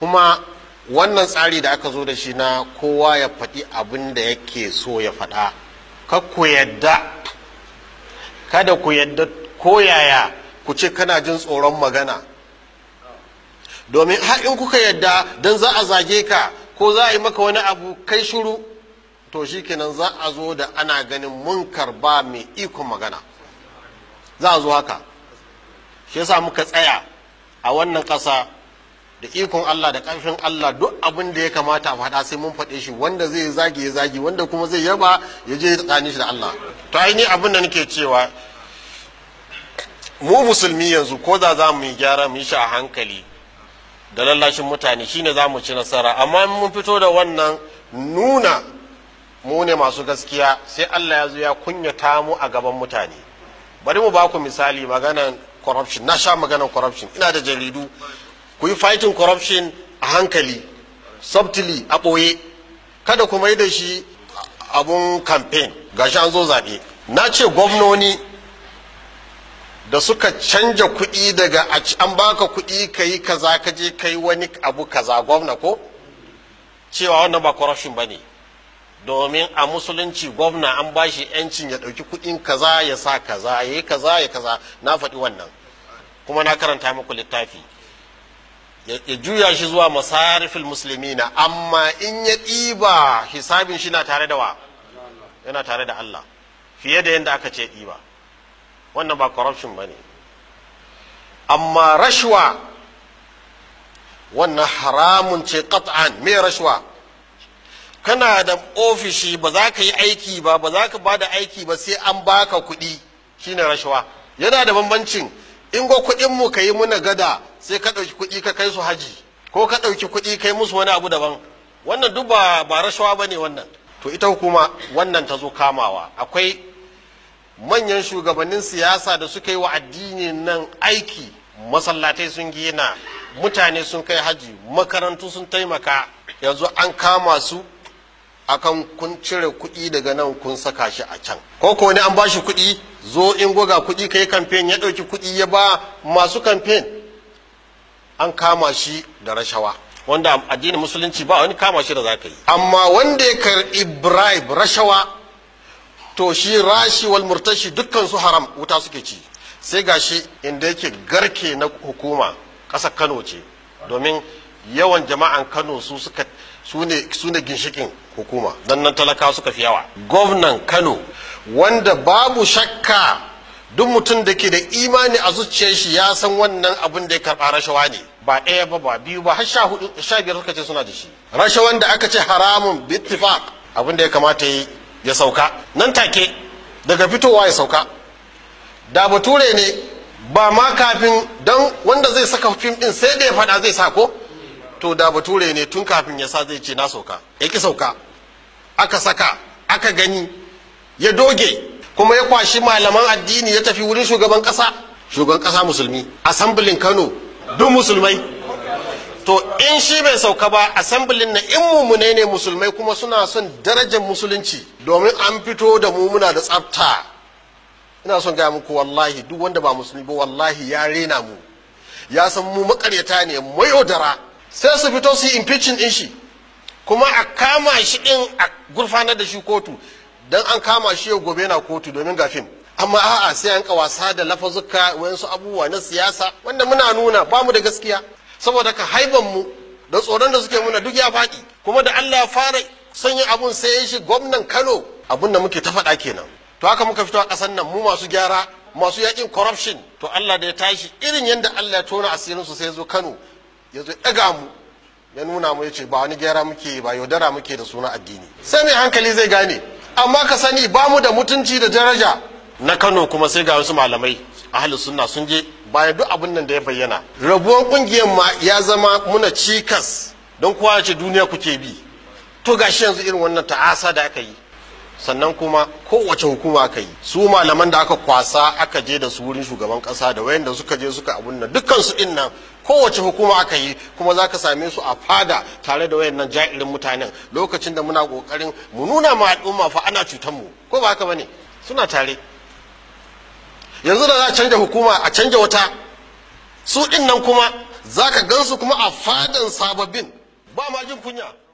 kuma wannan tsari da aka zo da shi na kowa ya faɗi abin da yake so ya faɗa ka ku yadda kada ku yadda koyaya ku ce kana jin tsoron magana domin har in kuka yadda don za a zage ka ko za a yi maka wani abu kai shuru to shi kenan za a zo da ana ganin mun karba mai ikon magana za a zo haka shi yasa muka tsaya a wannan kasa da ikon Allah da ƙarfin Allah duk abin da ya kamata a faɗa sai mun faɗe shi wanda zai zagi ya zagi wanda kuma zai yaba ya je tsakanin shi da Allah to ai ni abin da nake cewa mu musulmi yanzu ko da za mu yi gyara mu yi a hankali da lallashin mutane shine za mu ci nasara amma mun fito da wannan nuna mu ne masu gaskiya sai Allah ya zo ya kunyata mu a gaban mutane bari mu baku misali maganan corruption na sha maganan corruption ina da jaridu ku yi fighting corruption a hankali subtly a ɓoye kada ku mai da shi abun campaign gashi an zo zaɓe na ce gwamnoni da suka canja kuɗi daga a an baka kuɗi ka yi kaza ka je ka yi wani abu kaza gwamna ko cewa wannan ba corruption ba ne domin a musulunci gwamna an ba shi yancin ya ɗauki kuɗin kaza ya sa kaza ya yi kaza ya kaza na faɗi wannan kuma na karanta muku littafi ya juya shi zuwa masarifin musulmi na amma in ya ɗiba hisabin shi na tare da wa yana tare da Allah fiye da yadda aka ce ɗiba wannan ba corruption ba ne amma rashwa wannan haramun ce qat'an me rashwa kana da ofishi ba za ka yi aiki ba ba za ka ba da aiki ba sai an baka kuɗi shine rashawa yana da bambancin in go kuɗin mu ka yi muna gada sai ka ɗauki kuɗi ka kai su haji ko ka ɗauki kuɗi kai musu wani abu daban wannan duk ba rashawa ba ne wannan to ita hukuma wannan ta zo kamawa akwai manyan shugabannin siyasa da suka yi wa addini nan aiki masallatai sun gina mutane sun kai haji makarantu sun taimaka yanzu an kama su akan kun cire kuɗi daga nan kun saka shi a can ko ko ne an ba shi kuɗi zo in goga kuɗi ka yi kamfen ya ɗauki kuɗi ya ba masu kamfen an kama shi da rashawa wanda addinin musulunci ba wani kama shi da za ka yi amma wanda ya karɓi bribe rashawa to shi rashi wal murtashi dukkan su haram wuta suke ci sai gashi inda yake garke na hukuma ƙasar kano ce domin yawan jama'an kano su suka su ne ginshikin hukuma don nan talakawa suka fi yawa gwamnan kano wanda babu shakka duk mutum da ke da imani a zuciyar shi ya san wannan abin da ya karɓa rashawa ne ba ɗaya ba ba biyu ba har sha hudu sha biyar suka ce suna da shi rashawan da aka ce haramun bittifaq abin da ya kamata ya sauka nan take daga fitowa ya sauka da bature ne ba ma kafin don wanda zai saka fim din sai da ya faɗa zai sa ko to da bature ne tun kafin ya sa zai ce na sauka ya ki sauka aka saka aka gani ya doge kuma ya kwashi malaman addini ya tafi wurin shugaban kasa shugaban kasa musulmi asambilin kano duk musulmai to in shi bai sauka ba asambilin na in mumune ne musulmai kuma suna son darajar musulunci domin an fito da mu muna da tsafta ina son gaya muku wallahi duk wanda ba musulmi ba wallahi ya rena mu ya san mu makaryata ne yaudara sai su fito su yi impeachment din shi kuma a kama shi din a gurfanar da shi kotu dan an kama shi yau gobe na kotu domin ga fim amma a'a sai an wasa da lafazuka wayansu abubuwa na siyasa wanda muna nuna ba mu da gaskiya saboda ka haiban mu da tsoron da suke muna duk ya faɗi kuma da Allah ya fara sanya abun sai ya shi gwamnan Kano abun da muke ta faɗa kenan to haka muka fito a ƙasar nan mu masu gyara masu yakin corruption to Allah da ya tashi irin yadda Allah ya tona asirin su sai zo Kano ya zo ɗaga mu ya nuna mu ya ce ba wani gyara muke ba yaudara muke da suna addini sai mai hankali zai gane amma ka sani ba mu da mutunci da daraja na kano kuma sai ga wasu malamai ahalus sunna sun je bayan duk abin nan da ya bayyana rabuwan kungiyar ma ya zama muna cikas don kowa ce duniya kuke bi to gashi yanzu irin wannan ta'asa da aka yi sannan kuma kowace hukuma aka yi su malaman da aka kwasa aka je da su wurin shugaban kasa da wayanda suka je suka abun nan dukkan su din nan kowace hukuma aka yi kuma za ka same su a fada tare da wayannan ja'irin mutanen lokacin da muna kokarin mu nuna ma al'umma fa ana cutan mu ko ba haka bane suna tare yanzu da za a canja hukuma a canja wata su din nan kuma za ka gansu kuma a fadan sababbin ba ma jin kunya